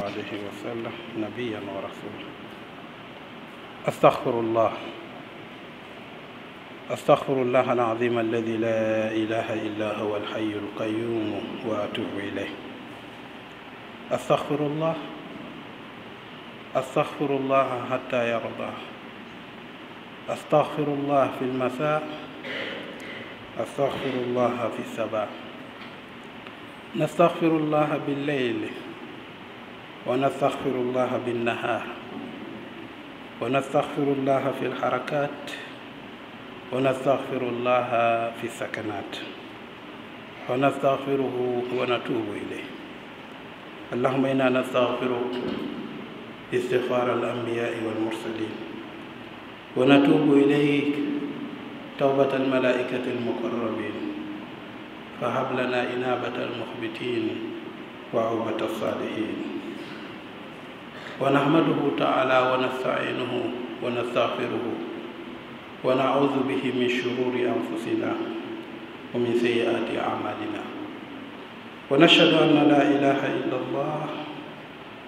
الله عليه وسلم نبيا ورسولا أستغفر الله أستغفر الله العظيم الذي لا إله إلا هو الحي القيوم وأتوب إليه أستغفر الله أستغفر الله حتى يرضى أستغفر الله في المساء أستغفر الله في الصباح نستغفر الله بالليل ونستغفر الله بالنهار ونستغفر الله في الحركات ونستغفر الله في السكنات ونستغفره ونتوب إليه اللهم إنا نستغفر استغفار الأنبياء والمرسلين ونتوب إليك توبة الملائكة المقربين فهب لنا إنابة المخبتين وعوبة الصالحين ونحمده تعالى ونستعينه ونستغفره ونعوذ به من شرور أنفسنا ومن سيئات أعمالنا ونشهد أن لا إله إلا الله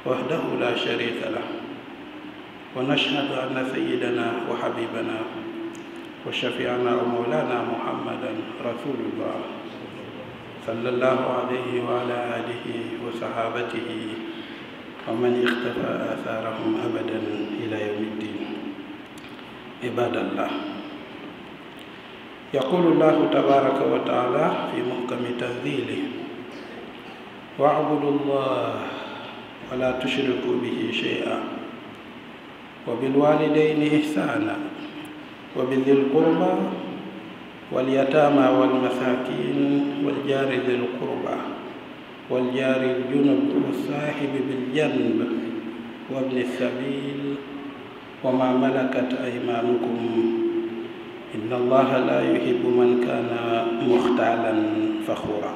وحده لا شريك له ونشهد أن سيدنا وحبيبنا وشفيعنا ومولانا محمدا رسول الله صلى الله عليه وعلى آله وصحابته ومن اختفى آثارهم أبدا إلى يوم الدين عباد الله يقول الله تبارك وتعالى في محكم تنزيله واعبدوا الله ولا تشركوا به شيئا وبالوالدين إحسانا وبذي القربى واليتامى والمساكين والجار ذي القربى والجار الجنب والصاحب بالجنب وابن السبيل وما ملكت أيمانكم إن الله لا يحب من كان مختالا فخورا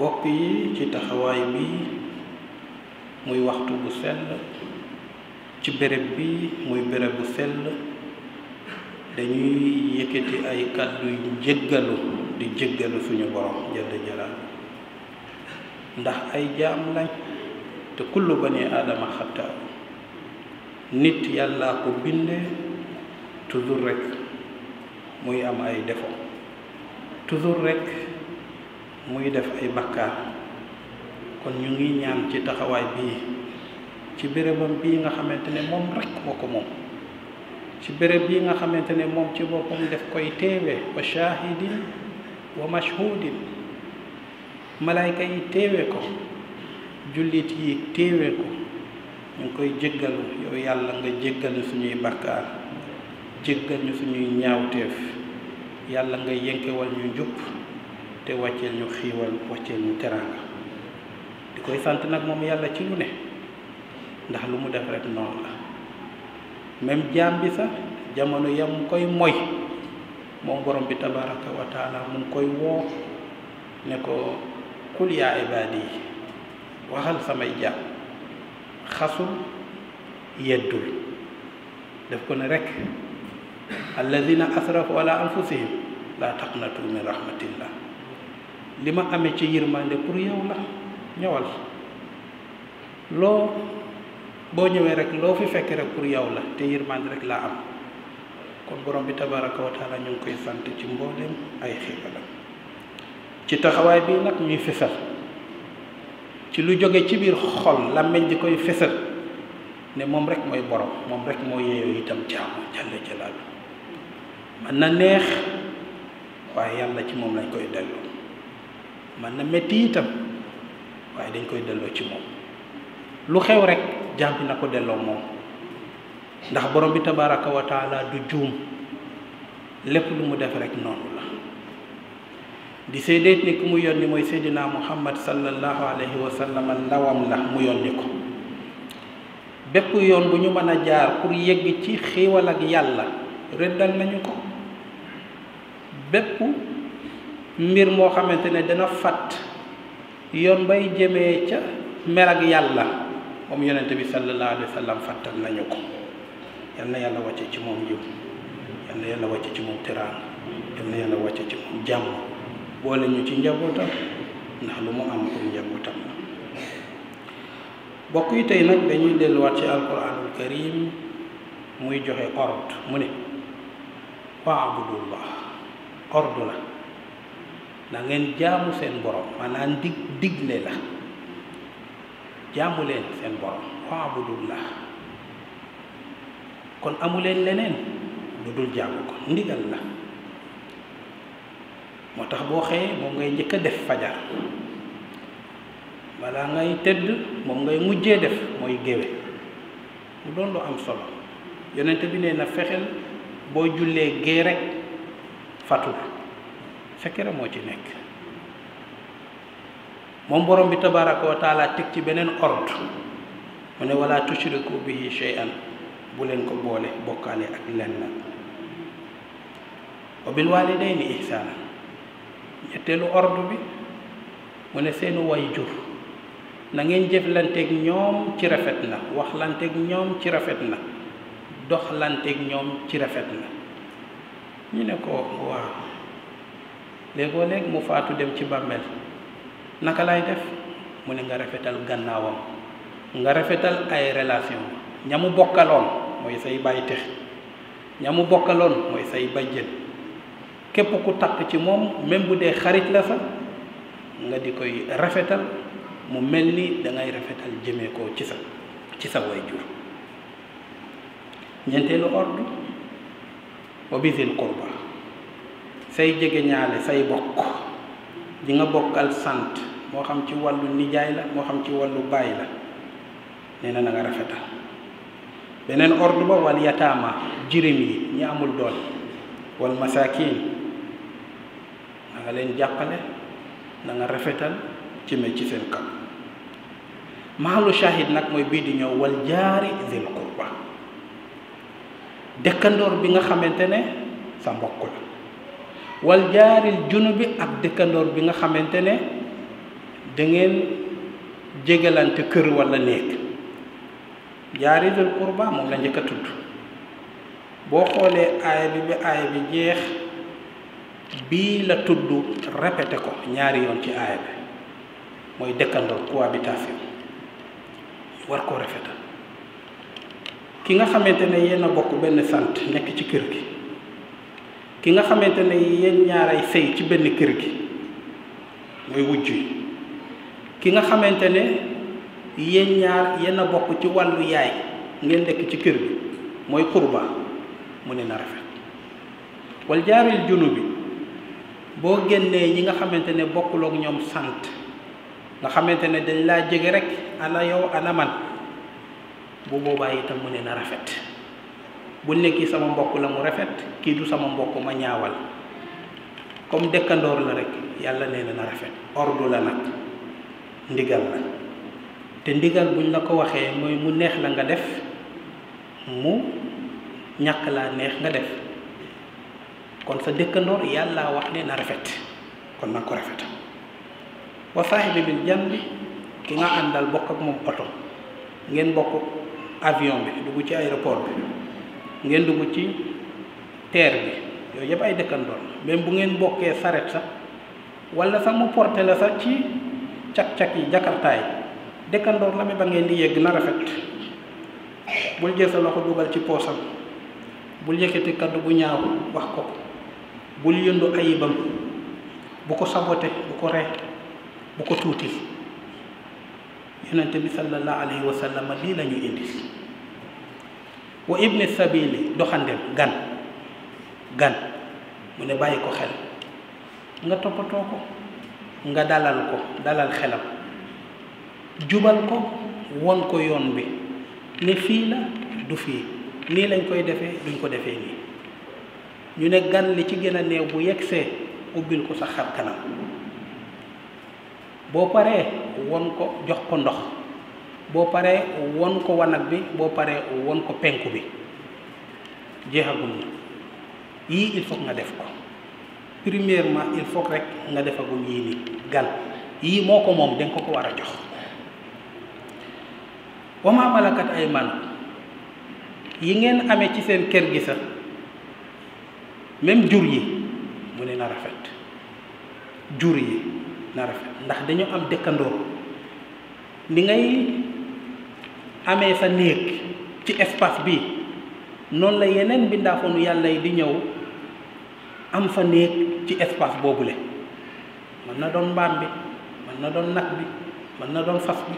بقي تتخواي بي موي وقت بسل تبرب بي موي برب بسل دنيو يكتي أي كدو جغلو di jéggalu suñu borom jël jëlaat ndax ay jaam lañ te kullu bani aadama xataa nit yàllaa ko bindee toujours rek muy am ay defo toujours rek muy def ay bakkaar kon ñu ngi ñaan ci taxawaay bii ci bérébam bii nga xamante ne moom rek moo moom ci béréb bii nga xamante ne moom ci boppam def koy teewee wa shahidin wa mashhudin malaayka yi téewe ko jullit yi téewe ko ñu ngi koy jëggal yow yàlla nga jéggal ñu suñuy bakkaar jéggal ñu suñuy ñaawteef yàlla nga yënkewal ñu njub te wàcceel ñu xiiwal wàcceel ñu teraanga di koy sant nag moom yàlla ci lu ne ndax lu mu def rek noonu la même jaam bi sax jamono yam koy moy moo borom bi tabaraka wa taala mu ngi koy woo ne ko kul yaa ibaadi waxal samay jàpp xasul yeddul daf ko ne rek alladina asrafu ala anfusihim laa taqnatu min rahmatillah li ma amee ci yërmande pour yow la ñëwal loo boo ñëwee rek loo fi fekk rek pour yow la te yërmande rek laa am kon borom bi tabaraka wa ñu ngi koy sant ci mboolem ay xibalam ci taxawaay bi nag ñuy fesal ci lu jóge ci biir xol làmmiñ di koy fesal ne moom rek mooy borom moom rek moo yeeyoo itam jaamu jàlle jalaal man na neex waaye yàlla ci moom lañ koy delloo mën na metti itam waaye dañ koy delloo ci moom lu xew rek jàmbi na ko delloo moom ndax borom bi tabaraka wa du juum lépp lu mu def rek noonu la di séedeet ni ku mu yónni mooy seydina muhammad sallallahu alayhi wa sallam ndawam la mu yónni ko bépp yoon bu ñu mën a jaar pour yegg ci xéewal ak yàlla rëddal nañu ko bépp mbir moo xamante ne dana fàtt yoon bay jëme ca mer ak yàlla moom yonente bi sallallahu alayhi wa sallam nañu ko yalla yalla wacce ci mom yiw yalla yalla wacce ci mom teraanga yalla yalla wacce wàcce ci moom jàmm boole ñu ci njabota ndax lu mu am ko njabootam la bokk yi tay nak dañuy wat ci alquranul karim muy joxe ordre mu ne abdullah ordre la na ngeen jaamu seen borom maanaam dig digle la jaamu leen seen borom abdullah kon amuleen leneen lu dul jaamu ko ndigal la moo tax boo xëyee moom ngay njëkk a def fajar balaa ngay tëdd moom ngay mujjee def mooy géwe mu doon lu am solo yonent bi nee na fexeel boo jullee gée rek fatu fekkere moo ci nekk moom borom bi tabaraka wa teg ci beneen ordre mu ne wala tushriku bihi shay'an bu leen ko boole bokkaale ak lenn wa bil waalidayni ihsaana ñetteelu ordre bi mu ne seeni way jur na ngeen jëflanteeg ñoom ci rafet na waxlanteeg ñoom ci rafet na doxlanteeg ñoom ci rafet na ñu ne ko waaw léegoo nekk mu faatu dem ci bàmmeel naka lay def mu ne nga rafetal gannaawam nga rafetal ay relation ñamu bokkaloon mooy say bàyyi tex ña mu bokkaloon mooy say bàjjen képp ku takk ci moom même bu dee xarit la sax nga di koy rafetal mu mel ni dangay rafetal jëmee ko ci sa ci sa way jur ñeenteelu ordre wa bisil qurba say jege ñaale say bokk di nga bokkal sant moo xam ci wàllu nijaay la moo xam ci wàllu baay la nee na na nga rafetal beneen ordre ba wal jirim yi ñi amul doole wal masaakiin na leen jàppale nanga rafetal ci me ci seen kaw maalu shahid nag mooy biir di ñëw wal jaari zil qurba dëkkandoor bi nga xamante ne sa mbokk la wal jaaril junubi ak dëkkandoor bi nga xamante ne da ngeen jégalante kër wala néeg jaaridul qurba moom la njëkk a tudd boo xoolee aaya bi ba aaya bi jeex bii la tudd répété ko ñaari yoon ci aaya bi mooy dëkkandoo cohabitation war koo rafetal ki nga xamante ne yéen a bokk benn sant nekk ci kër gi ki nga xamante ne yéen ñaaray sëy ci benn kër gi mooy wujj yi ki nga xamante ne yéen ñaar yenn a bokk ci wàllu yaay ngeen nekk ci kër bi mooy xurba mu ne na rafet wal jaaril bi boo génnee ñi nga xamante ne bokkulook ñoom sant nga xamante ne dañ laa jege rek ana yow ana man bu boobaa itam mu ne na rafet bu ne sama mbokk la mu rafet kii du sama mbokk ma ñaawal comme dëkkandoor la rekk yàlla nee na rafet ordu la nag ndigal la te ndigal buñ la ko waxee mooy mu neex la nga def mu ñàkk laa neex nga def kon sa dëkkandoor yàlla wax ne na rafet kon na ko rafet wa saahibi bil janbi ki nga àndal bokk ak moom oto ngeen bokk avion bi dugg ci aéroport bi ngeen dugg ci terre bi yooyu yëpp ay dëkkandoor même bu ngeen bokkee saret sax walla sax mu porté la sax ci cak-cak yi jakartaay dëkkandoor la mi ba ngeen di yegg na rafet bul jël sa loxo dugal ci poosam bul yëkkati kaddu bu ñaaw wax ko bul yëndu ayibam bu ko sabote bu ko ree bu ko tuuti yonente bi sallallahu alayhi wa sallam lii la ñu indi wa ibni sabili doxandem gan gan mu ne bàyyi ko xel nga toppatoo ko nga dalal ko dalal xelam jubal ko won ko yoon bi ne fii la du fii nii lañ koy defee duñ ko defee nii ñu ne gan li ci gën a néew bu yegsee ubbil ko sa xar kanam boo paree won ko jox ko ndox boo paree won ko wanag bi boo paree won ko penku bi jeexagul na yii il faut nga def ko premièrement il faut rek nga defagum yii ni gan yii moo ko moom danga ko ko war a jox wa malakat ay man yi ngeen ame ci seen kër gi sax même jur yi mu ne na rafet jur yi na rafet ndax dañu am dëkkandoo li ngay ame sa néeg ci espace bi noonu la yeneen bindaafoonu yàlla di ñëw am fa néeg ci espace boobule mën na doon mbaam bi mën na doon nag bi mën na doon fas bi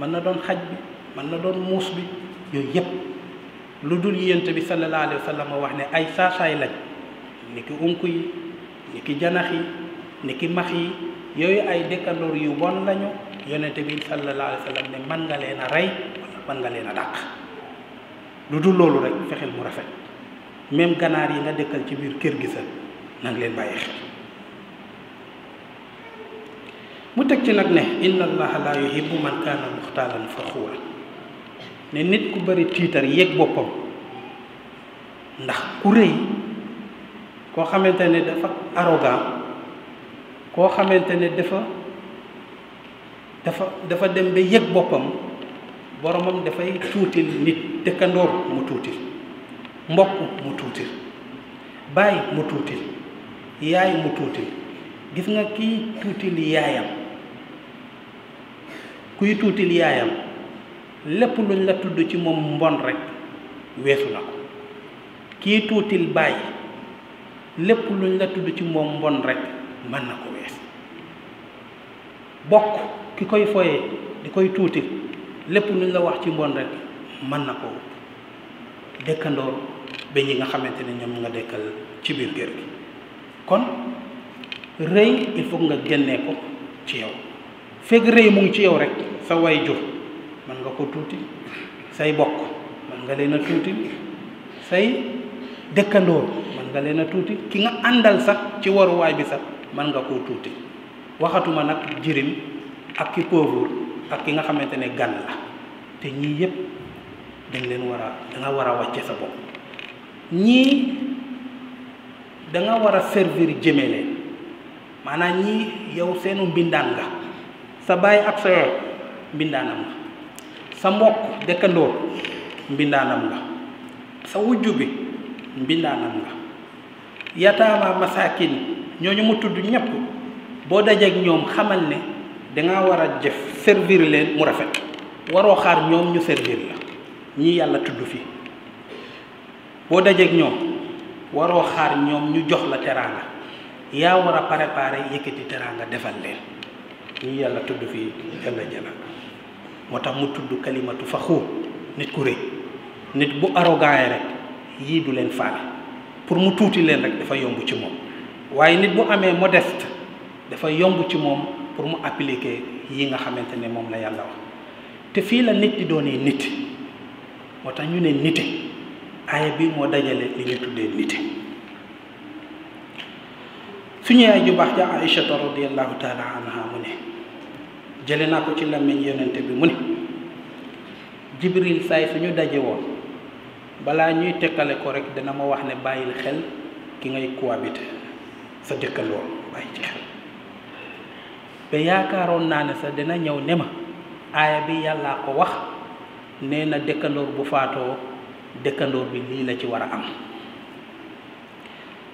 mën na doon xaj bi man la doon muus bi yooyu yëpp lu dul yent bi sallallahu alayhi wasallam wax ne ay saasaay lañ ni ki unku yi ni ki janax yi ni max yi yooyu ay dëkkandoor yu bon lañu yonente bi sallallahu alayhi wasallam ne man nga leen a rey wala man nga leen a dàq lu dul loolu rek fexel mu rafet même ganaar yi nga dëkkal ci biir kër gi sa na nga leen bàyyi xel mu teg ci nag ne inna allaha la yuhibbu man kaana muxtaalan faxuura ne nit ku bari tiitar yéeg boppam ndax ku rëy koo xamante ne dafa arrogant koo xamante ne dafa dafa dafa dem ba yëg boppam boromam dafay tuutil nit dëkkandoor mu tuutil mbokk mu tuutil bàyyi mu tuutil yaay mu tuutil gis nga kiy tuutil yaayam kuy tuutil yaayam lépp luñ la tudd ci moom mbon rek weesu na ko kii tuutil bàyyi lépp luñ la tudd ci moom mbon rek mën na ko wees bokk ki koy foyee di koy tuutil lépp luñ la wax ci mbon rek mën na ko dëkkandoor ba ñi nga xamante ne ñoom nga dëkkal ci biir kër gi kon rëy il faut nga génnee ko ci yow fekk rëy mu ngi ci yow rekk sa way jur Mangaku nga ko tuuti say bokk man nga leen a tuuti say dëkkandoor man nga leen a tuuti ki nga àndal sax ci waruwaay bi sax man nga ko tuuti waxatuma nag jirim ak ki pauvre ak ki nga xamante ne gan la te ñii yépp dañ leen war a da nga war a sa bopp ñii da nga war servir jëme maanaam ñii yow seenu mbindaan nga sa bàyyi ak sa yoon sa mbokk dëkkandoor mbindaanam nga sa wujju bi mbindaanam nga yataama masaakin ñooñu mu tudd ñépp boo dajeek ñoom xamal ne danga war a jef servir leen mu rafet waroo xaar ñoom ñu servir la ñii yàlla tudd fi boo dajeek ñoom waroo xaar ñoom ñu jox la teraanga yaa war a préparer yëkkati teraanga defal leen ñii yàlla tudd fi jalla jalla moo tax mu tudd kalimatu faxuur nit ku rëy nit bu arrogant rek yii du leen faale pour mu tuuti leen rek dafa yomb ci moom waaye nit bu amee modeste dafa yomb ci moom pour mu appliquer yi nga xamante ne moom la yàlla wax te fii la nit di yi nit moo tax ñu ne nite aaya bii moo dajale li ñu tuddee nite ñu yaay ju baax ja aïchata radiallahu taala anha mu ne jële naa ko ci làmmiñ yonente bi mu ne jibril saay suñu daje woon balaa ñuy tekkale ko rek dina ma wax ne bàyyil xel ki ngay cohabiter sa dëkkandoo bàyyi ci xel te yaakaaroon naa ne sax dina ñëw ne ma aaya bi yàllaa ko wax nee na dëkkandoor bu faatoo dëkkandoor bi lii la ci war a am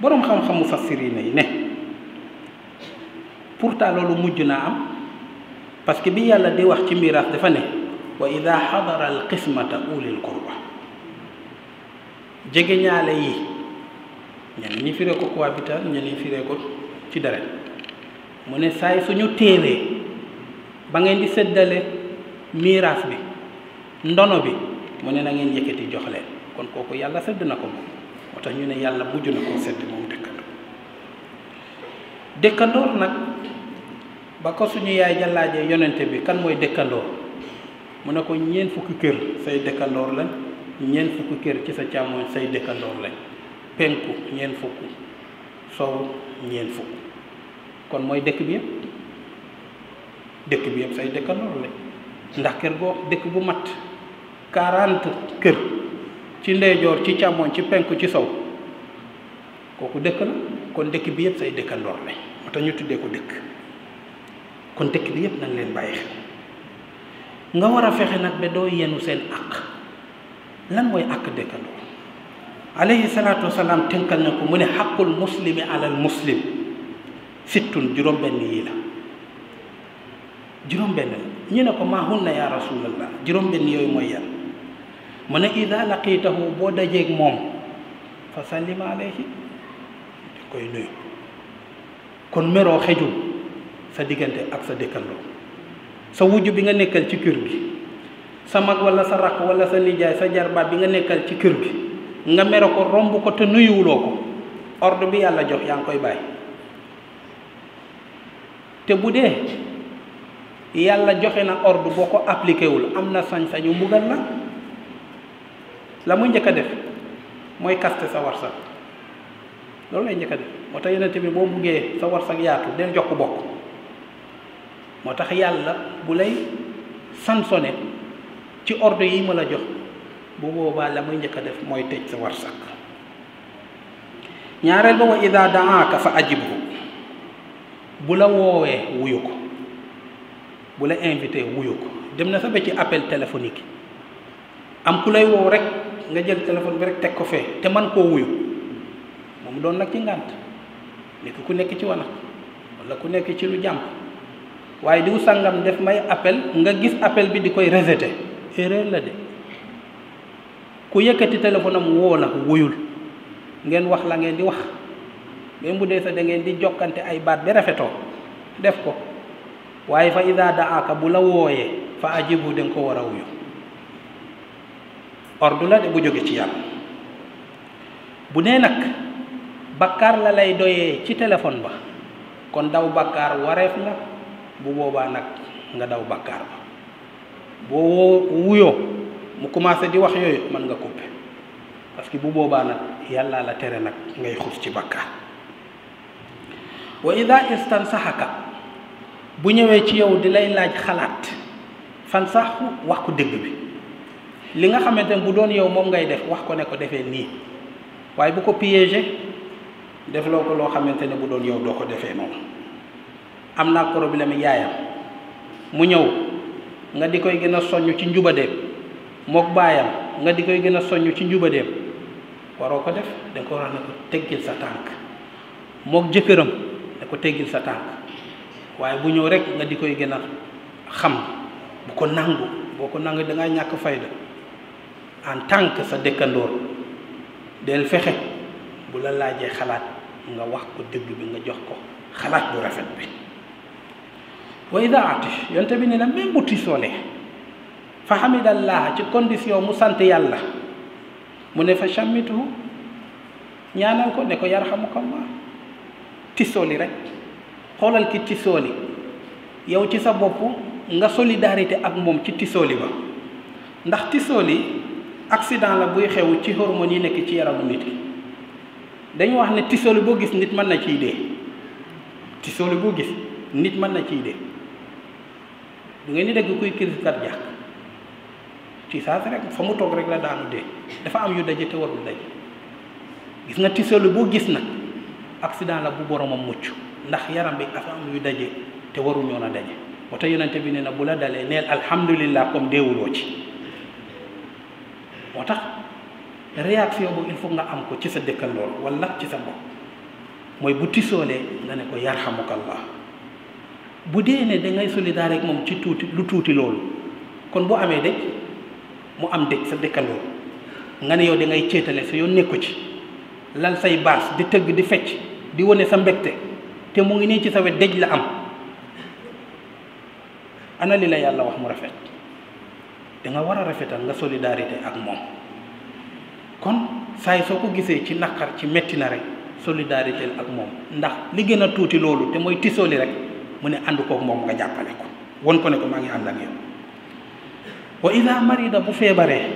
boroom xam-xamu fassiri yi ne pourtant loolu mujj naa am parce que bi yàlla di wax ci miraas dafa ne wa ida xadara al qismata ulil qurba jege ñaale yi ñenn ñi firee ko cohabitat ñenn ñi firee ko ci deret mu ne saay suñu téeree ba ngeen di séddale miraas bi ndono bi mu ne na ngeen yëkkati jox kon kooku yàlla sedd na ko moom moo tax ñu ne yàlla mujj na koo sedd moom dëkkandoor dëkkandoor nag ba ko suñu yaay ja laajee bi kan mooy dëkkandoor mu ne ko ñeent fukki kër say dëkkandoor lañ ñeent fukki kër ci sa càmmoñ say dëkkandoor lañ penku ñeent fukk sow ñeent fukk kon mooy dëkk bi yëpp dëkk bi yëpp say dëkkandoor lañ ndax kër dëkk bu mat quarante kër ci ndeyjoor ci càmmoñ ci penku ci sow kooku dëkk kon dëkk bi yëpp say dëkkandoor lañ moo ñu tuddee ko dëkk kon dëkk bi yépp nañ leen bàyyi xel nga war a fexe nag ba doo yenu seen àq lan mooy àq dëkkandoo alayhi salaatu wasalaam tënkal na ko mu ne xaqul muslimi alal muslim sittun juróom benn yi la juróom benn la ñu ne ko maa hunna yaa rasulallah juróom benn yooyu mooy yan mu ne ida laqiitahu boo dajeeg moom fa sallima alayhi di koy nuyu kon meroo xejul sa diggante ak sa dëkkandoo sa wujju bi nga nekkal ci kër gi sa mag wala sa rak wala sa nijaay sa jarba bi nga nekkal ci kër gi nga mere ko romb ko te nuyuwuloo ko ordre bi yàlla jox yaa ngi koy bàyyi te bu dee yàlla joxe na ordre boo ko appliqué wul am na sañ-sañu mbugal la la mu njëkk a def mooy kaste sa warsag loolu lay njëkk a def moo tax yeneen bi boo buggee sa warsag yaatu del jox ko bokk moo tax yàlla bu lay sanctionné ci ordre yi ma la jox bu boobaa la muy njëkk a def mooy tëj sa warsak ñaareel ba wa ida daaka fa ajibhu bu la woowee wuyu ko bu la invité wuyu ko dem na sa ba ci appel téléphonique am ku lay woow rek nga jël téléphone bi rek teg ko fee te man koo wuyu moom doon nag ci ngànt nekk ku nekk ci wanag walla ku nekk ci lu jàmp waaye di sàngam def may appel nga gis appel bi di koy rejeté erreur la de ku yëkkati téléphone am woo la wuyul ngeen wax la ngeen di wax même bu dee sa da ngeen di jokkante ay baat bi rafetoo def ko waaye fa ida daaka bu la wooyee fa ajibu da ko war a wuyu ordre la de bu jóge ci yàlla bu nee nag bakkaar la lay doyee ci téléphone ba kon daw bakkaar wareef la bu boobaa nag nga daw bàkkaar ba boo woo wuyoo mu commencé di wax yooyu mën nga coupé parce que bu boobaa nag yàllaa la tere nag ngay xuus ci bàkkaar wa ida saxaka bu ñëwee ci yow di lay laaj xalaat fan saxu wax ko dëgg bi li nga xamante ne bu doon yow moom ngay def wax ko ne ko defee nii waaye bu ko piégé def loo ko loo xamante ne bu doon yow doo ko defee noonu am naa problème yaayam mu ñëw nga di koy gën a soññ ci njubadeem mook baayam nga di koy gën a soññ ci njubadeem waroo ko def da ko wax ne ko teggil sa tànk mook jëkkëram da ko teggil sa tànk waaye bu ñëw rek nga di koy gën xam bu ko nangu boo ko nangu da ñàkk fayda en tant que sa dëkkandoor del fexe bu la laajee xalaat nga wax ko dëgg bi nga jox ko xalaat bu rafet bi wa ida atish yonte bi ne na même bu tisoonee fa hamidallah ci condition mu sant yàlla mu ne fa sàmmituhu ñaanal ko ne ko yarhamukallah tisooli rek xoolal ki tisooli yow ci sa bopp nga solidarité ak moom ci tisooli ba ndax tisooli accident la buy xew ci hormones yi nekk ci yaramu nit yi dañu wax ne tisooli boo gis nit mën na ciy dee tisooli boo gis nit mën na ciy dee du ngeen di dégg kuy crise jàq ci saasi rek fa mu toog rek la daanu dee dafa am yu daje te warul daje gis nga tisoolu boo gis na accident la bu boromam mucc ndax yaram bi dafa am yu daje te waruñoo na daje moo tax yonente bi ne na bu la dalee neel alhamdulillah comme deewuloo ci moo tax réaction bu il faut nga am ko ci sa dëkkandool wala ci sa bopp mooy bu tisoolee nga ne ko yar yarhamukallah bu dee ne dangay ngay moom ci tuuti lu tuuti loolu kon boo amee dëj mu am dëj sa dëkkandoo nga ne yow da ngay céetale sa yoon nekku ci lal say baas di tëgg di fecc di wane sa mbegte te mu ngi nii ci sa wet dëj la am ana la yàlla wax mu rafet danga war a rafetal nga solidarité ak moom kon saay soo ko gisee ci naqar ci metti na rek solidarité ak moom ndax li gën a tuuti loolu te mooy tisooli rek mu ne ànd kook moom nga jàppale ko won ko ne ko maa ngi ànd ak yow wa ida marida bu feebaree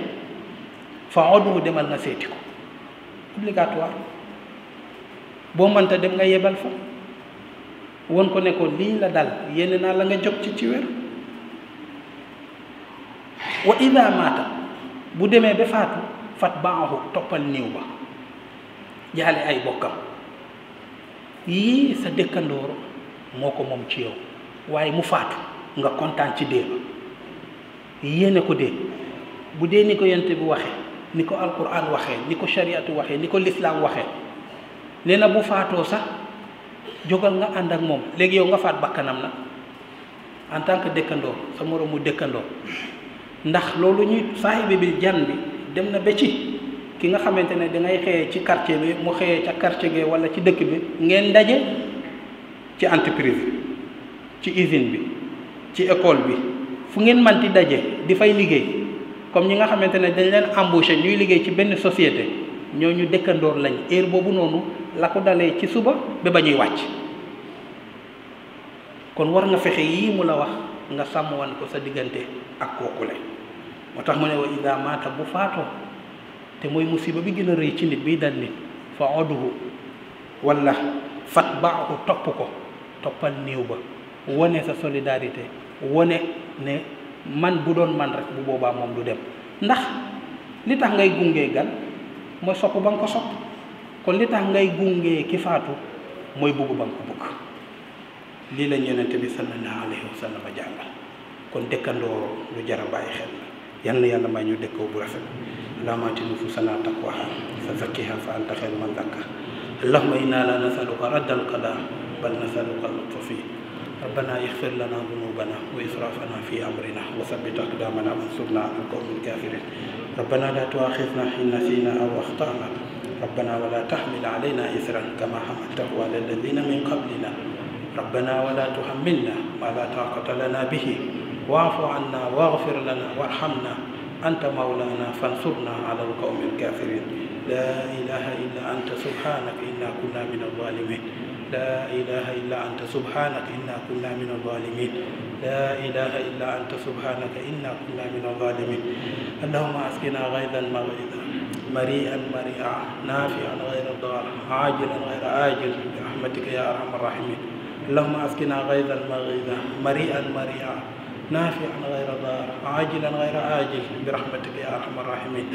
fa odu demal nga seeti ko obligatoire boo mënta dem nga yebal fa won ko ne ko lii la dal yéene naa la nga jóg ci ci wér wa ida maata bu demee ba faatu fat baaxu toppal néew ba jaale ay bokkam yii sa dëkkandoor moko mom ci yow waye mu faatu nga kontaan ci dee yene ko de bu niko ni ko yonte bi waxe ni ko alquran waxe ni ko shariatu waxe ni ko l'islam waxe neena bu faatoo sax jogal nga and ak mom léegi yow nga faat bakkanam na en tant que dekkando sa moromu dekkando ndax lolu ñuy sahibi bi jambi bi dem na be ci ki nga xamantene da ngay xeye ci quartier bi mu xeye ci quartier ge wala ci dekk bi ngeen dajje ci entreprise ci usine bi ci école bi fu ngeen man di daje di fay liggéey comme ñi nga xamante ne dañ leen embauché ñuy liggéey ci benn société ñu dëkkandoor lañ heure boobu noonu la ko dalee ci suba ba ba ñuy wàcc kon war nga fexe yii mu la wax nga sàmmwan ko sa diggante ak kooku moo tax mu ne wa ida maata bu faatoo te mooy musiba bi gën a rëy ci nit biy dal nit fa oduhu wala fat baaxu topp ko topal néew ba woné sa solidarité woné ne man bu doon man rek bu boba mom du dem ndax li tax ngay gungé gan moy sopp bang ko sopp kon li tax ngay gungé ki faatu moy bugu bang ko bugg li la yonente bi sallallahu alayhi wa sallam jàngal kon dekkando lu jara baye xel yalla yalla yàlla may ñu dëkkoo bu rafet اللهم taqwa fa تقواها fa anta khairu man اللهم لا رد بل نسألك اللطف ربنا يغفر لنا ذنوبنا وإسرافنا في أمرنا وثبت أقدامنا وانصرنا على القوم الكافرين ربنا لا تؤاخذنا إن نسينا أو أخطأنا ربنا ولا تحمل علينا إثرا كما حملته على الذين من قبلنا ربنا ولا تحملنا ما لا طاقة لنا به واعف عنا واغفر لنا وارحمنا أنت مولانا فانصرنا على القوم الكافرين لا إله إلا أنت سبحانك إنا كنا من الظالمين لا إله إلا أنت سبحانك إنا كنا من الظالمين لا إله إلا أنت سبحانك إنا كنا من الظالمين اللهم أسقنا غيظا مغيظا مريئا مريئا نافعا غير ضار عاجلا غير آجل برحمتك يا أرحم الراحمين اللهم أسقنا غيظا مغيظا مريئا مريئا نافعا غير ضار عاجلا غير آجل برحمتك يا أرحم الراحمين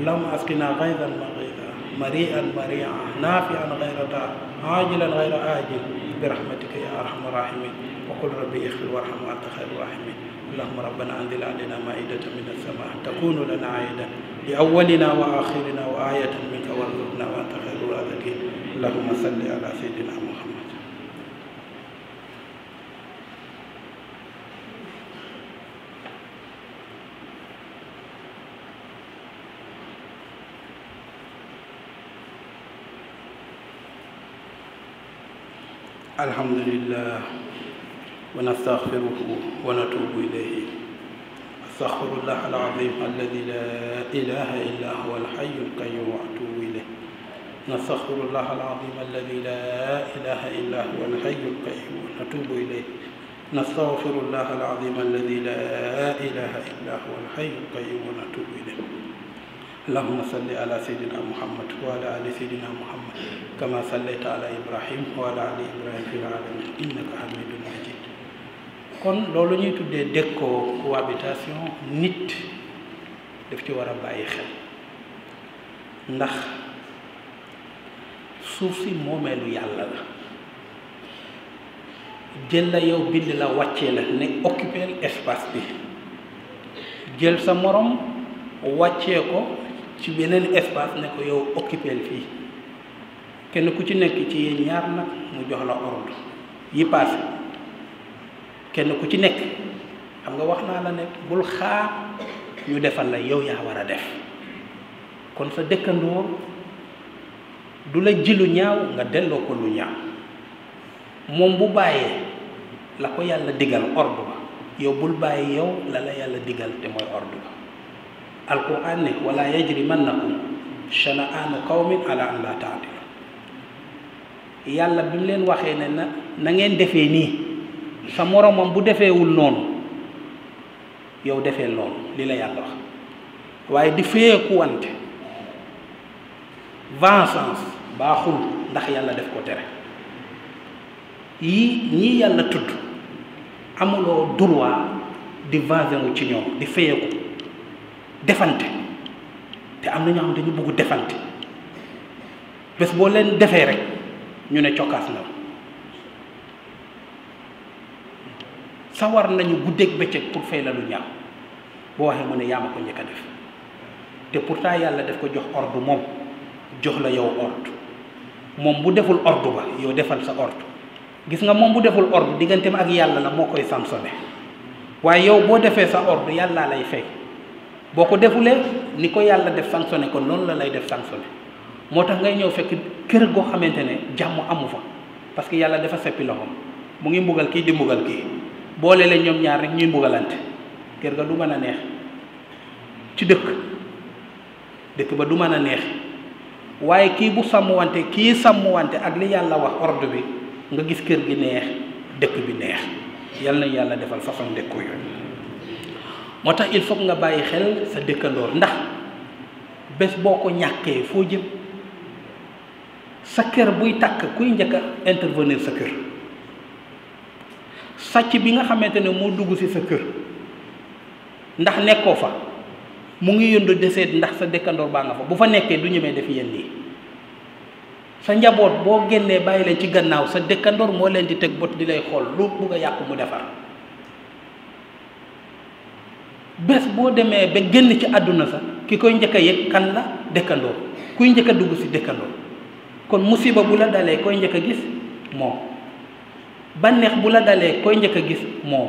اللهم أسقنا غيظا مغيظا مريئا مريعا نافعا غير ضار عاجلا غير آجل برحمتك يا أرحم الراحمين وقل ربي اغفر وارحم وأنت خير الراحمين اللهم ربنا أنزل علينا مائدة من السماء تكون لنا عيدا لأولنا وآخرنا وآية منك وارزقنا وأنت خير الرازقين اللهم صل على سيدنا محمد الحمد لله ونستغفره ونتوب إليه أستغفر الله العظيم الذي لا إله إلا هو الحي القيوم وأتوب إليه نستغفر الله العظيم الذي لا إله إلا هو الحي القيوم ونتوب إليه نستغفر الله العظيم الذي لا إله إلا هو الحي القيوم ونتوب إليه اللهم صل على سيدنا محمد وعلى ال سيدنا محمد كما صليت على ابراهيم وعلى ال ابراهيم في العالمين انك حميد مجيد كون لولو ني تودي ديكو كوابيتاسيون نيت داف تي ورا باي خيل ناخ سوفي مومنو يالا لا جيل لا يو بيل لا واتي لا ني اوكيبيل اسباس بي جيل سا موروم واتيه كو ci beneen espace ne ko yow occupeel fii kenn ku ci nekk ci yéen ñaar nag mu jox la ordre yi passé kenn ku ci nekk xam nga wax naa la ne bul xaar ñu defal la yow yaa war a def kon sa dëkkandoo du la ji lu ñaaw nga delloo ko lu ñaaw moom bu bàyyee la ko yàlla digal ordre ba yow bul bàyyi yow la la yàlla diggal te mooy ordre ba alquran ne wala yajrimannakum shana'aanu qawmin ala an la ta'dilu yàlla bi mu leen waxee ne na na ngeen defee nii sa moroomam bu defeewul noonu yow defee noonu li la yàlla wax waaye di feyeeku wante vengeance baaxul ndax yàlla def ko tere yii ñii yàlla tudd amuloo droit di venger wu ci ñoom di feyeeku defante te am na ñoo xam dañu bugg defante bés boo leen defee rek ñu ne cokkaas na sawar nañu guddeeg bëccëg pour fay la lu ñaaw boo waxee mu ne yaa ma ko njëkk a def te taa yàlla def ko jox ordre moom jox la yow ordre moom bu deful ordre ba yow defal sa ordre gis nga moom bu deful ordre digganteem ak yàlla la moo koy sanctionné waaye yow boo defee sa ordre yàllaa lay fay. boo ko defulee ni ko yàlla def sanctionné ko noonu la lay def sanctionné moo tax ngay ñëw fekk kër goo xamante ne jàmm amu fa parce que yàlla dafa seppi loxoom mu ngi mbugal kii di mbugal kii boole leen ñoom ñaar rek ñuy mbugalante kër ga du mën a neex ci dëkk dëkk ba du mën a neex waaye kii bu sàmmwante kii sàmmwante ak li yàlla wax ordre bi nga gis kër gi neex dëkk bi neex yal na yàlla defal façon dëkk yooyu motax il faut nga bayyi xel sa dekkandor ndax bes boko ñaké fo jëm sa kër buy tak kuy ñëk intervenir sa kër sacc bi nga xamantene mo dugg ci sa kër ndax nekko fa mu ngi yëndu déssé ndax sa dekkandor ba nga fa bu fa nekké du ñëmé def sa njabot bo génné bàyyi leen ci gannaaw sa dekkandor mo leen di teg bot di lay xol lu bu nga yaq mu defar bés boo demee ba génn ci àdduna sa ki koy njëkk a yëg kan la dëkkandoo kuy njëkk dugg si dëkkandoo kon musiba bu la dalee koy njëkk gis moom banneex bu la dalee koy njëkk a gis moom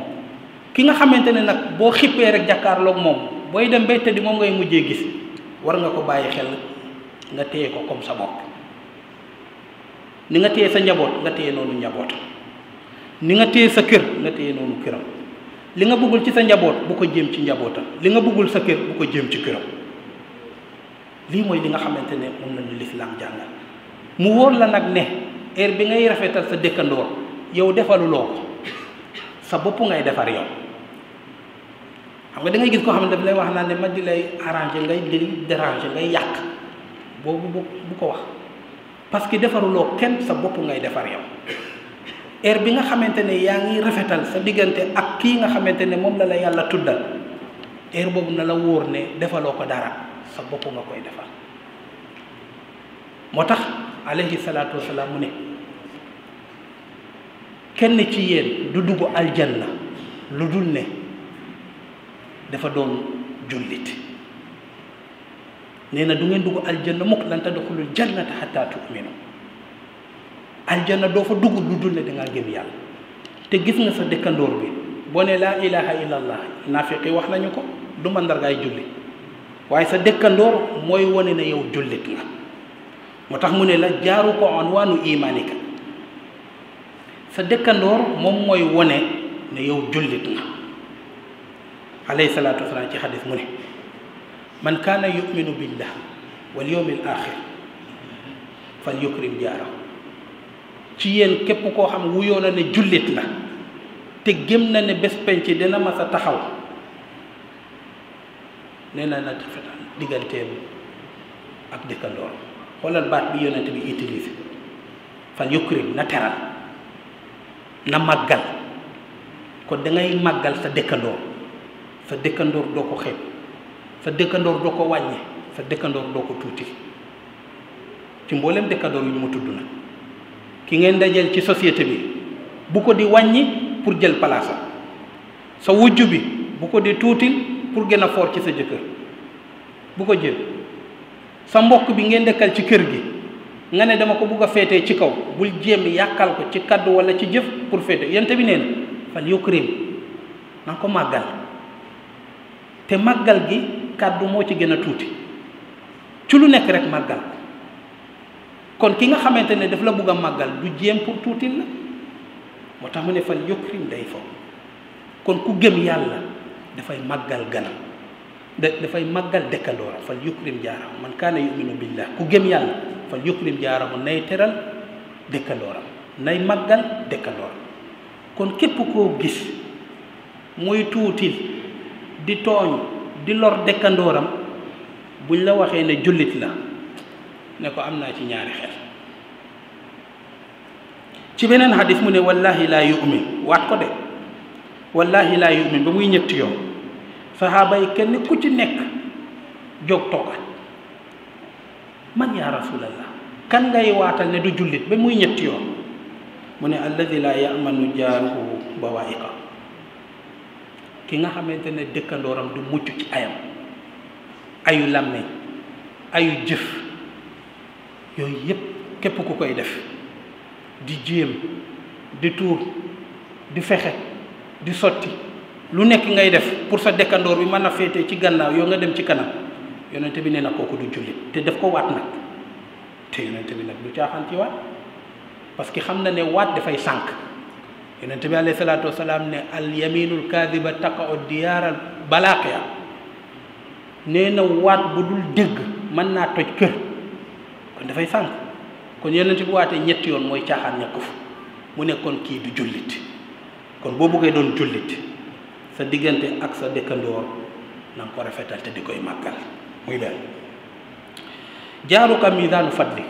ki nga xamante ne nag boo xippee rek jàkkaarloog moom booy dem bay tëdd moom ngay mujjee gis war nga ko bàyyi xel nga téye ko comme sa bopp ni nga téye sa njaboot nga téye noonu njaboot ni nga téye sa kër nga téye noonu këram li nga bëggul ci sa njaboot bu ko jëm ci njabootam li nga bëggul sa kër bu ko jëm ci këram lii mooy li nga xamante ne moom lañu lislaam jàngal mu wóor la nag ne heure bi ngay rafetal sa dëkkandoor yow defaruloo ko sa bopp ngay defar yow xam nga da gis ko xam ne daf lay wax naa ne ma di lay arranger ngay di déranger ngay yàq boobu bu bu ko wax parce que defaruloo kenn sa bopp ngay defar yow heure bi nga xamante ne yaa ngiy rafetal sa diggante ak kii nga xamante ne moom la la yàlla tuddal heure boobu na la wóor ne defaloo ko dara sa bopp nga koy defal moo tax alayhi salaatu wasalaam mu ne kenn ci yéen du dugg aljanna lu dul ne dafa doon jullit nee na du ngeen dugg aljanna mukk lan tadxulul jannata xatta tu'minu aljanna doo fa dugg lu dul ne da yàlla te gis nga sa dëkkandoor bi boo ne laa ilaha illallah naafiqi wax nañu ko du mandargaay jullit waaye sa dëkkandoor mooy wane ne yow jullit nga moo tax mu ne la jaaru ko anwaanu sa dëkkandoor moom mooy yow jullit nga alayhi salaatu wasalaam ci xadis mu ne man kaana yuminu billah wal yawmi al fal yukrim jaarahu ci yéen képp koo xam wuyoo na ne jullit la te gëm na ne bés penc dina mas a taxaw nee na na digganteem ak dëkkandoor xoolal baat bi yonent bi utilisé fal yukrim na teral na màggal kon dangay ngay màggal sa dëkkandoor sa dëkkandoor doo ko xeeb sa dëkkandoor doo ko wàññi sa dëkkandoor doo ko tuuti ci mboolem dëkkandoor yi mu tudd nag ki ngeen dajal ci société bi bu ko di wàññi pour jël place sa wujju bi bu ko di tuutil pour gën a foor ci sa jëkkër bu ko jël sa mbokk bi ngeen dekkal ci kër gi nga ne dama ko bugg a ci kaw bul jéem yakal ko ci kaddu wala ci jëf pour féete yent bi neen fal yukrim na ko màggal te gi kaddu moo ci gën a ci lu nekk rek màggal kon ki nga xamante ne daf la bugg a màggal du jéem pour tuutil la moo tax mu ne fan yukrim day faw kon ku gëm yàlla dafay màggal ganam da dafay màggal dëkkandooram fal yukrim jaaraam man kaana ku gëm yàlla fal yukrim jaaraam nay teral dëkkandooram nay màggal dëkkandooram kon képp koo gis muy tuutil di tooñ di lor dëkkandooram buñ la waxee ne jullit la ne ko am naa ci ñaari xel ci beneen xadis mu ne wallahi laa yumin waat ko de wallahi laa yumin ba muy ñetti yoon saxaaba yi kenn ku ci nekk jóg toogaat man yaa rasulallah kan ngay waatal ne du jullit ba muy ñetti yoon mu ne alladi laa yamanu jaaruhu bawaayiqa ki nga xamante ne dëkkandooram du mucc ci ayam ayu làmmeñ ayu jëf yooyu kep képp ku koy def di jéem di tour di fexe di soti lu nek ngay def pour sa dekkandoor bi mën a féete ci gannaaw yo nga dem ci kanam yonente bi nee na du jullit te daf ko wat nak te yonente bi nag du caaxaan ci waat parce que xamna na ne waat dafay sank yonente bi alayhi salaatu wasalaam ne al yaminul kaadiba taqa'u diyaaral al nee na waat bu dul dégg mën naa toj kër kon dafay sànq kon yonent bu waatee ñetti yoon mooy caaxaan ñàkku fa mu nekkoon kii du jullit kon boo bëggee doon jullit sa diggante ak sa dëkkandoor na ko rafetal te di koy màggal muy benn jaaruka fat fadli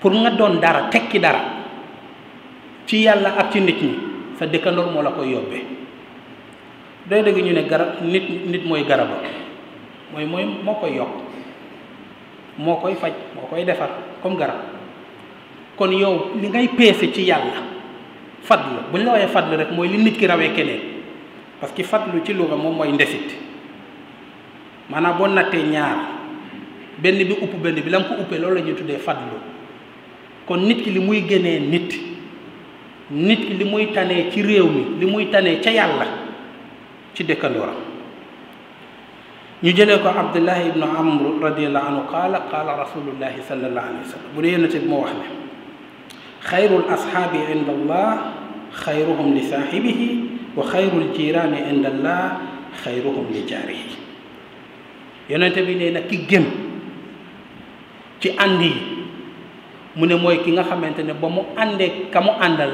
pour nga doon dara ki dara ci yàlla ak ci nit ñi sa dëkkandoor moo la koy yóbbee day dëgg ñu ne garab nit nit mooy garaba mooy mooy moo koy yokk moo koy faj moo koy defar comme garab kon yow li ngay peese ci yàlla fadlu bu la waxee fadlu rek mooy li nit ki rawee keneen parce que fadlu ci luga moom mooy ndesit maanaam boo nattee ñaar benn bi upp benn bi la ko uppee loolu la ñu tuddee fadlu kon nit ki li muy génnee nit nit ki li muy tanee ci réew mi li muy tanee ca yàlla ci dëkkandooram يجلك عبد الله بن عمرو رضي الله عنه قال قال رسول الله صلى الله عليه وسلم بني نتب خير الأصحاب عند الله خيرهم لصاحبه وخير الجيران عند الله خيرهم لجاره ينتبه لنا كي جم كي أندي من موي كي نخم أنت نبمو أندي كمو أندل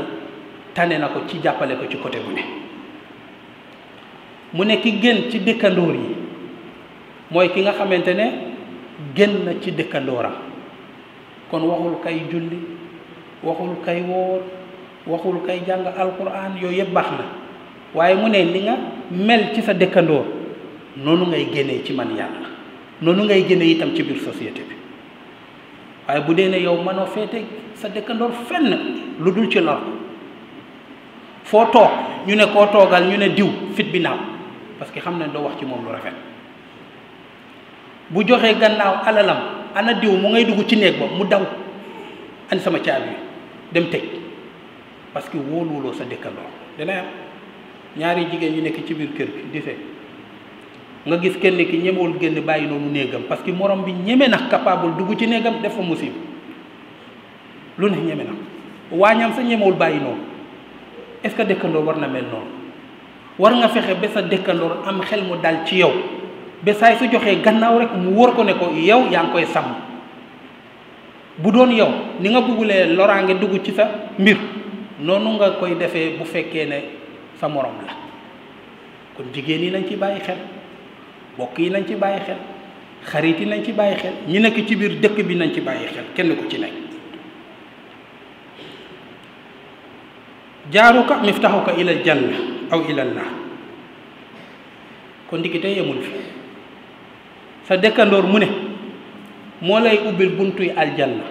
تاني نكو تيجا بالك تيجا كتبني من كي جن تيجا كنوري moy ki nga xamantene ne génn ci dëkkandooram kon waxul kay julli waxul kay wor waxul kay jang alquran yoy yeb baxna waye mu ne li nga mel ci sa dëkkandoor nonu ngay genné ci man yalla nonu ngay genné itam ci bir société bi waye bu deene yow mano fété sa dëkkandoor fenn lu ci lor fo tok ñu ne ko togal ñu ne diw fit bi naaw parce que xam ne wax ci mom lu rafet bu joxee gannaaw alalam ana diw mu ngay dugg ci néeg ba mu daw ani sama caabi dem tëj parce que wóoluwuloo sa dëkkandoo dana am ñaari jigéen ñu nekk ci biir kër gi di nga gis kenn ki ñemewul génn bàyyi noonu néegam parce que morom bi ñeme na capable dugg ci néegam def fa musib lu ne ñeme na waañam sa ñemewul bàyyi noonu est-ce que dëkkandoo war na mel noonu war nga fexe ba sa dëkkandoo am xel mu dal ci yow ba su joxee gannaaw rek mu wóor ko ne ko yow yaa ngi koy sàmm bu doon yow ni nga buggulee loraange dugg ci sa mbir noonu nga koy defee bu fekkee ne sa moroom la kon jigéen yi nañ ci bàyyi xel bokk yi nañ ci bàyyi xel xarit yi nañ ci bàyyi xel ñi nekk ci biir dëkk bi nañ ci bàyyi xel kenn ku ci nekk jaaruka miftaxuka ilal janna aw ilal naar kon ndikite yemul fi sa dëkkandoor mu ne moo lay ubbil buntuy aljanna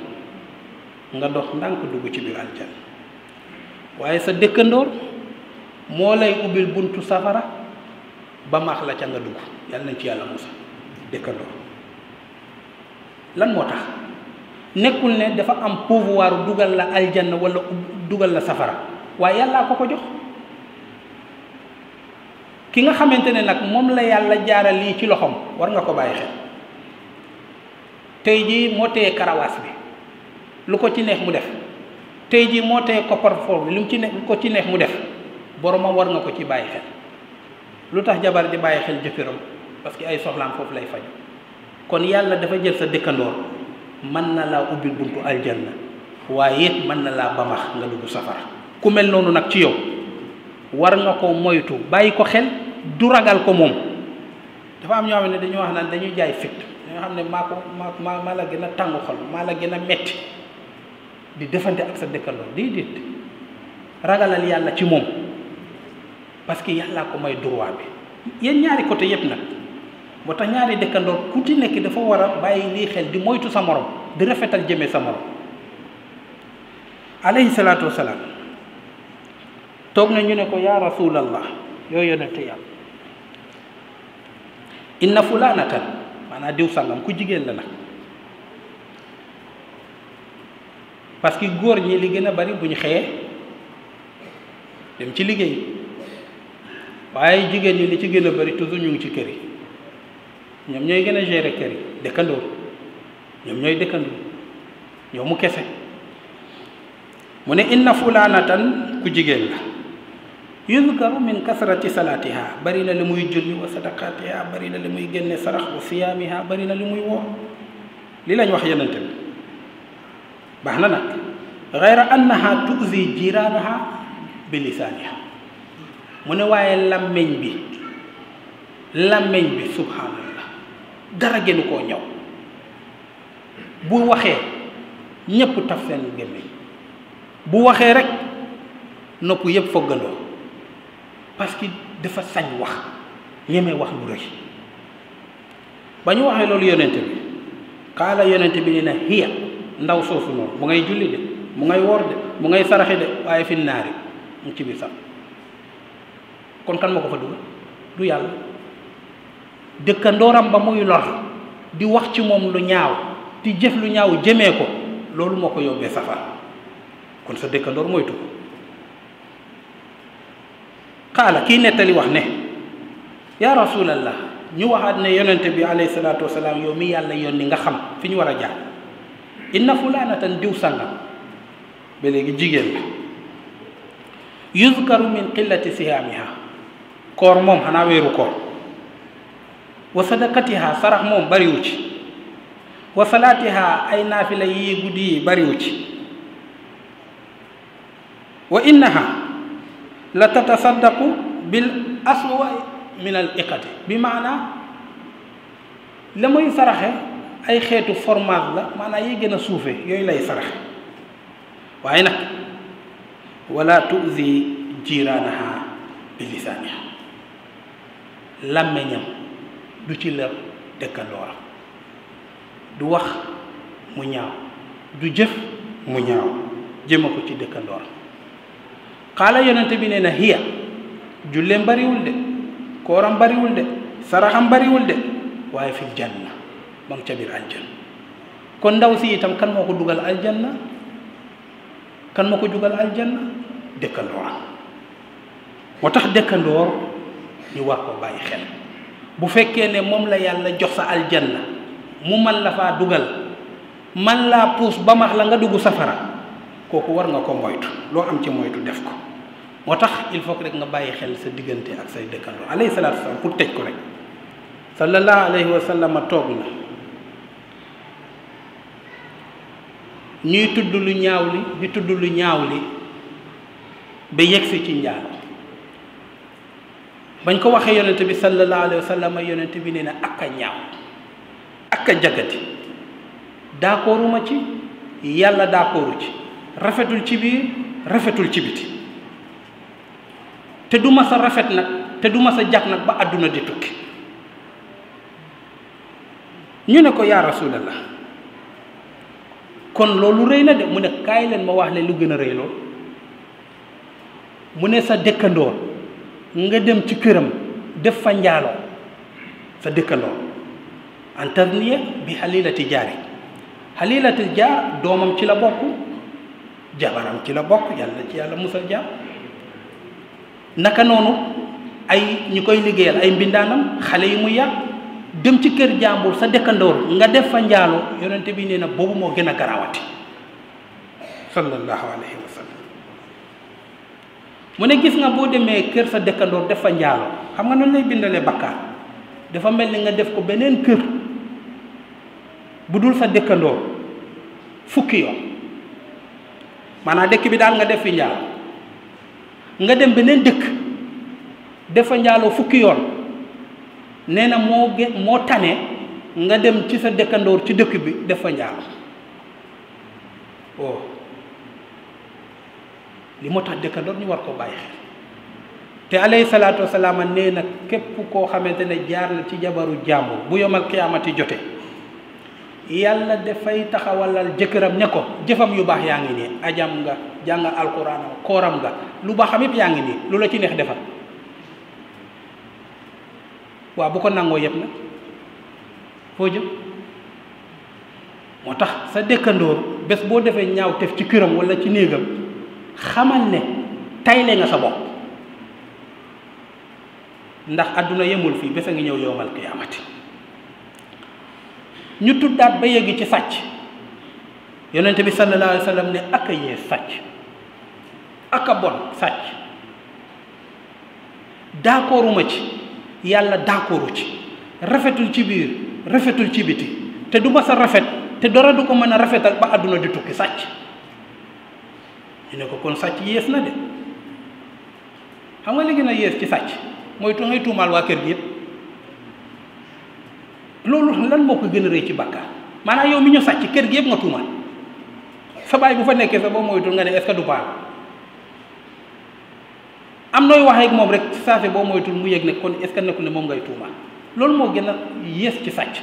nga dox ndànk dugg ci biir aljanna waaye sa dëkkandoor moo lay ubbil buntu safara ba maax la ca nga dugg yàlla nañ ci yàlla musa dëkkandoor lan moo tax nekkul ne dafa am pouvoir dugal la aljanna wala dugal la safara waaye yàlla ko ko jox ki nga xamante ne nag moom la yàlla jaaral lii ci loxoom war nga ko bàyyi xel tey jii moo téye karawaas bi lu ko ci neex mu def tey jii moo téye kopparfoor bi lu ci neex lu ci neex mu def boromam war nga ko ci bàyyi xel lu tax jabar di bàyyi xel jëkkëram parce que ay soxlaam foofu lay faj kon yàlla dafa jël sa dëkkandoor mën na laa ubbil buntu aljanna waaye it mën na laa bamax nga dugg safara ku mel noonu nag ci yow war nga ko moytu bàyyi ko xel du ragal ko moom dafa am ñoo xam ne dañu wax naan dañu jaay fit dañoo xam ne maa ko maa maa la gën a tàng xol maa la gën a metti di defante ak sa dëkkandoo déedéet ragalal yàlla ci moom parce que yàllaa ko may droit bi yéen ñaari côté yépp nag moo tax ñaari dëkkandoo ku ci nekk dafa war a bàyyi lii xel di moytu sa moroom di rafetal jëmee sa morom alayhi salaatu wasalaam toog na ñu ne ko yaa rasulallah yooyu yonente yàlla inna fulanatan maanaam diw sàngam ku jigéen la nag parce que góor ñi li gën a bari bu ñu xëyee dem ci liggéey waaye jigéen ñi li ci gën a bari toujours ñu ngi ci kër yi ñoom ñooy gën a gérer kër yi dëkkandoo ñoom ñooy dëkkandoo ñoomu kese mu ne inna fulanatan ku jigéen la يذكر من كثرة صلاتها برينا لمي جولي وصدقاتها برينا لمي جن سرخ وصيامها برينا لمي و لي واخ يانت باخنا نك غير انها تؤذي جيرانها بلسانها من واي لامين بي لامين بي سبحان الله درجه نكو نيو بو واخه نيب تافل گمي بو واخه رك نوبو ييب فوغلو parce que dafa sañ wax ñemee wax lu rëy ba ñu waxee loolu yonent bi kaala yonent bi ne na hiya ndaw soosu noonu mu ngay julli de mu ngay woor de mu ngay saraxe de waaye fi naari mu ci biir sax kon kan ma ko fa dugal du yàlla dëkkandooram ba muy lor di wax ci moom lu ñaaw di jëf lu ñaaw jëmee ko loolu moo ko yóbbee safar kon sa dëkkandoor moytu ko xaala kii nettali wax ne yaa rasulallah ñu waxaat ne yonente bi alayhi salaatu wasalaam yow mi yàlla yónni nga xam fi ñu war a jaar inna fulaanatan diw sangam ba léegi jigéen la yuzkaru min qillati siyaamiha koor moom xanaa weeru koor wa sadakatiha sarax moom bariwu ci wa salaatiha ay naafila yi guddi yi bariwu ci wa innaha لا لتتصدق بالاسوء من الإقتة بمعنى لما يسرحه أي خيط فورمال لا معنى يجينا سوفي يوي لا يسرح وعينك ولا تؤذي جيرانها بلسانها لمنيم du ci lër dëkkandooram du wax mu ñaaw du jëf mu ñaaw jëma ko ci dëkkandooram kala yonan bi bine na hiya julen bariwul de kooram bariwul de saraxam bariwul de waye fil janna mang ca bir aljan kon ndaw si itam kan moko dugal aljanna kan moko dugal jugal aljanna dëkkandooram moo motax dekkando ni war ko baye xel bu fekke ne mom la yalla jox sa aljanna mu man la faa dugal man pus pousse ba dugu la nga dugu safara koku war nga ko moytu lo am ci moytu def ko moo tax il faut que rek nga bàyyi xel sa diggante ak say dëkkandoo alayhi salaatu wa salaam pour tëj ko rek sallallahu alayhi wa sallam toog na ñuy tudd lu ñaaw li di tudd lu ñaaw li ba yegsi ci njaal bañ ko waxee yonent bi sallallahu alayhi wa sallam yonent bi nee na ak a ñaaw ak a jagati ci yàlla d'accordu ci rafetul ci biir rafetul ci biti te du mas a rafet nag te du mas a jag nag ba àdduna di tukki ñu ne ko yaa rasulallah kon loolu rëy na de mu ne kaay leen ma wax leen lu gën a rëy loolu mu ne sa dëkkandoor nga dem ci këram def fa njaaloo sa dëkkandoor antarnie bi xalilati jaari xalilati jaar doomam ci la bokk jabaram ci la bokk yàlla ci yàlla musal jaar naka noonu ay ñu koy liggéeyal ay mbindaanam xale yi mu yàq dem ci kër jàmbur sa dëkkandoor nga def fa njaaloo yonente bi nee na boobu moo gën a garawati sallallahu alayhi wa mu ne gis nga boo demee kër sa dëkkandoor def fa njaalo xam nga noonu lay bindalee bakkaar dafa mel ni nga def ko beneen kër bu dul sa dëkkandoor fukki yoon maanaam dëkk bi daal nga def fi njaaloo nga dem beneen dëkk dafa njaaloo fukki yoon nee na moo ge moo tane nga dem ci sa dëkkandoor ci dëkk bi dafa njaaloo oh li moo tax dëkkandoor ñu war ko bàyyi xel te alayhi salaatu wasalaam nee na képp koo xamante ne jaar na ci jabaru jàmbur bu yomal qiyaamati jote yàlla dafay taxawalal jëkkëram ne ko jëfam yu baax yaa ngi nii ajam nga jàng alquranam kooram nga lu baaxam yëpp yaa ngi nii lu la ci neex defal waaw bu ko nangoo yëpp nag foo jëm moo tax sa dëkkandoo bés boo defee ñaaw tef ci këram wala ci néegam xamal ne tayle nga sa bopp ndax àdduna yemul fii bés a ngi ñëw yowmal qiyaamati ñu tuddaat ba yegg ci sàcc yonente bi sallallahu alayhi wa ne ak a yées sàcc ak a bon sàcc d'accorduma ci yàlla d'accordu ci rafetul ci biir rafetul ci biti te du ma sa rafet te dara du ko mën a rafetal ba àdduna di tukki sàcc ñu ne ko kon sàcc yées na de xam nga li gën a yées ci sàcc mooy tu ngay tuumaal waa kër gi yëpp loolu lan moo ko gën a rëy ci bàkkaar maanaam yow mi ñu sàcc kër gi yëpp nga tuumal sa baay bu fa nekkee sa boo moytul nga ne est du baal am nooy waxee ak moom rek saa si boo moytul mu yëg ne kon est nekkul ne moom ngay tuumal loolu moo gën a yées ci sàcc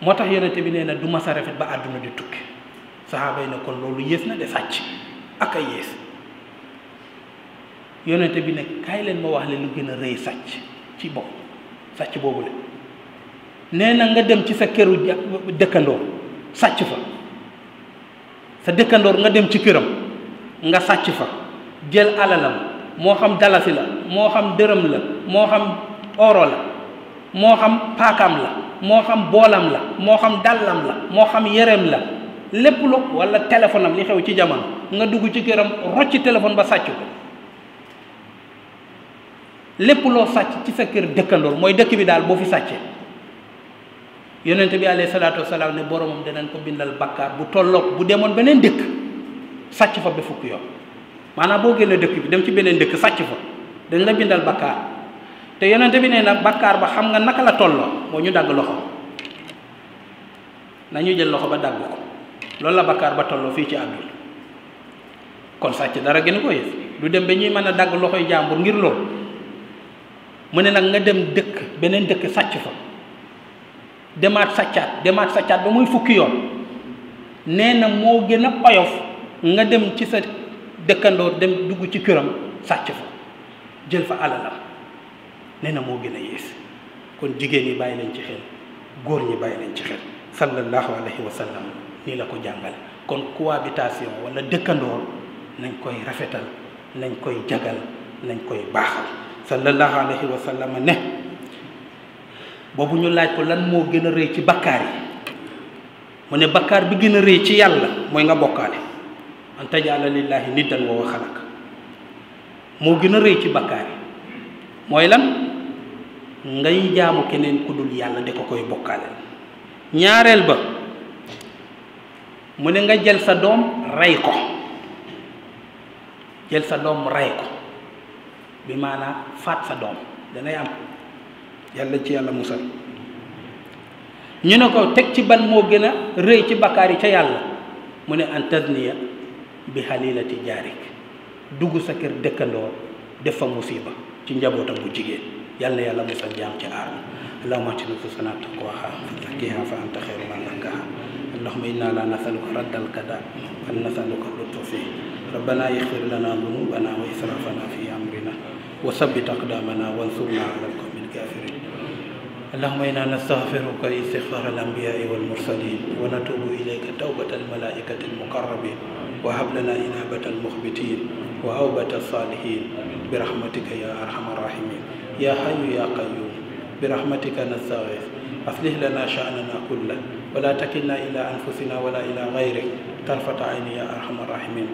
moo tax yonente bi nee na du masa rafet ba àdduna di tukki saxaaba yi ne kon loolu yées na de sàcc ak ay yées yonente bi ne kaay leen ma wax leen lu gën a rëy sàcc ci bopp sàcc boobu la nee na nga dem ci sa këru dëkkandoor sàcc fa sa dëkkandoor nga dem ci këram nga sàcc fa jël alalam moo xam dalasi la moo xam dërëm la moo xam oro la moo xam paakaam la moo xam boolam la moo xam dàllam la moo xam yéreem la lépp lu walla téléphone am li xew ci jamono nga dugg ci këram rocci téléphone ba sàcc ko lépp loo sàcc ci sa kër dëkkandoor mooy dëkk bi daal boo fi sàccee yonent bi alayhi salaatu wasalaam ne boromam danañ ko bindal bakkaar bu tolloog bu demoon beneen dëkk sàcc fa ba fukk yoon maanaam boo génnee dëkk bi dem ci beneen dëkk sàcc fa dañ la bindal bakkaar te yonent bi nee na bakkaar ba xam nga naka la tolloo moo ñu dagg loxo nañu jël loxo ba dagg ko loolu la bakkaar ba tolloo fii ci àdduna kon sàcc dara gën ko yëf du dem ba ñuy mën a dagg loxoy jàmbur ngir loolu mu ne nag nga dem dëkk beneen dëkk sàcc fa demaat sàccaat demaat sàccaat ba muy fukki yoon nee na moo gën a oyof nga dem ci sa dëkkandoor dem dugg ci këram sàcc fa jël fa alalam nee na moo gën a yées kon jigéen ñi bàyyi leen ci xel góor ñi bàyyi lañ ci xel sallallahu alayhi wa sallam la ko jàngale kon cohabitation walla dëkkandoor nañ koy rafetal nañ koy jagal nañ koy baaxal sallallahu alayhi wa ne boobu ñu laaj ko lan moo gën a rëy ci bakkaar yi mu ne bakkaar bi gën a rëy ci yàlla mooy nga bokkaale an tajaala lillahi niddan wa wa xalak moo gën a rëy ci bakkaar yi mooy lan ngay jaamu keneen ku yàlla di ko koy bokkaale ñaareel ba mu ne nga jël sa doom rey ko jël sa doom rey ko bi maanaam faat sa doom danay am yàlla ci yàlla musal ñu ne ko teg ci ban moo gën a rëy ci bakkaar yi ca yàlla mu ne an tasniya bi xalilati jaarik dugg sa kër dëkkandoo def fa musiba ci njabootam bu jigéen yàlla yàlla musal jaam ci aar allahumma atina husna taqwaha zakkiha fa anta xayru man zakkaha allahumma inna la nasaluka raddal kada wa nasaluka lutfi rabbana yaxfir lana dunubana wa israfana fi amrina وثبت أقدامنا وانصرنا على القوم الكافرين اللهم إنا نستغفرك استغفار الأنبياء والمرسلين ونتوب إليك توبة الملائكة المقربين وهب لنا إنابة المخبتين وأوبة الصالحين برحمتك يا أرحم الراحمين يا حي يا قيوم برحمتك نستغيث أصلح لنا شأننا كله ولا تكلنا إلى أنفسنا ولا إلى غيرك طرفة عين يا أرحم الراحمين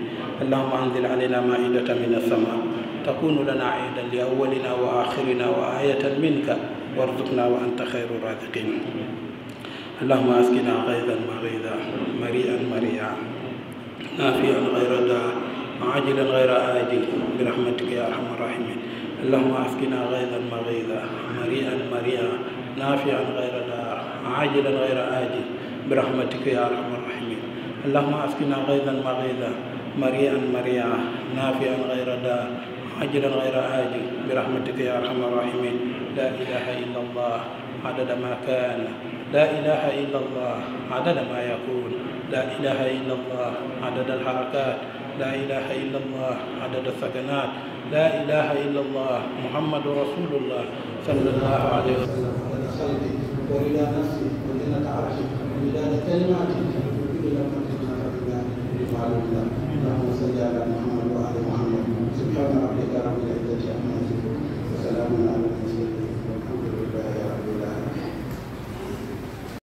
اللهم أنزل علينا مائدة من السماء تكون لنا عيدا لأولنا وآخرنا وآية منك وارزقنا وأنت خير الرازقين اللهم أسقنا غيظا مغيظا مريئا مريعا نافعا غير داع عاجلا غير آجل برحمتك يا أرحم الراحمين اللهم أسقنا غيظا مغيظا مريئا مريعا نافعا غير داع عاجلا غير آجل برحمتك يا أرحم الراحمين اللهم أسقنا غيظا مغيظا مريئا مريعا نافعا غير داع ajalan ghaira haji bi rahimin la ilaha illallah adada ma kan la ilaha illallah adada ma yaqul la ilaha illallah adada al harakat la ilaha illallah adada rasulullah sallallahu alaihi wasallam Subhanallah, Alhamdulillah, Alhamdulillah, Alhamdulillah, Alhamdulillah, Alhamdulillah, Alhamdulillah,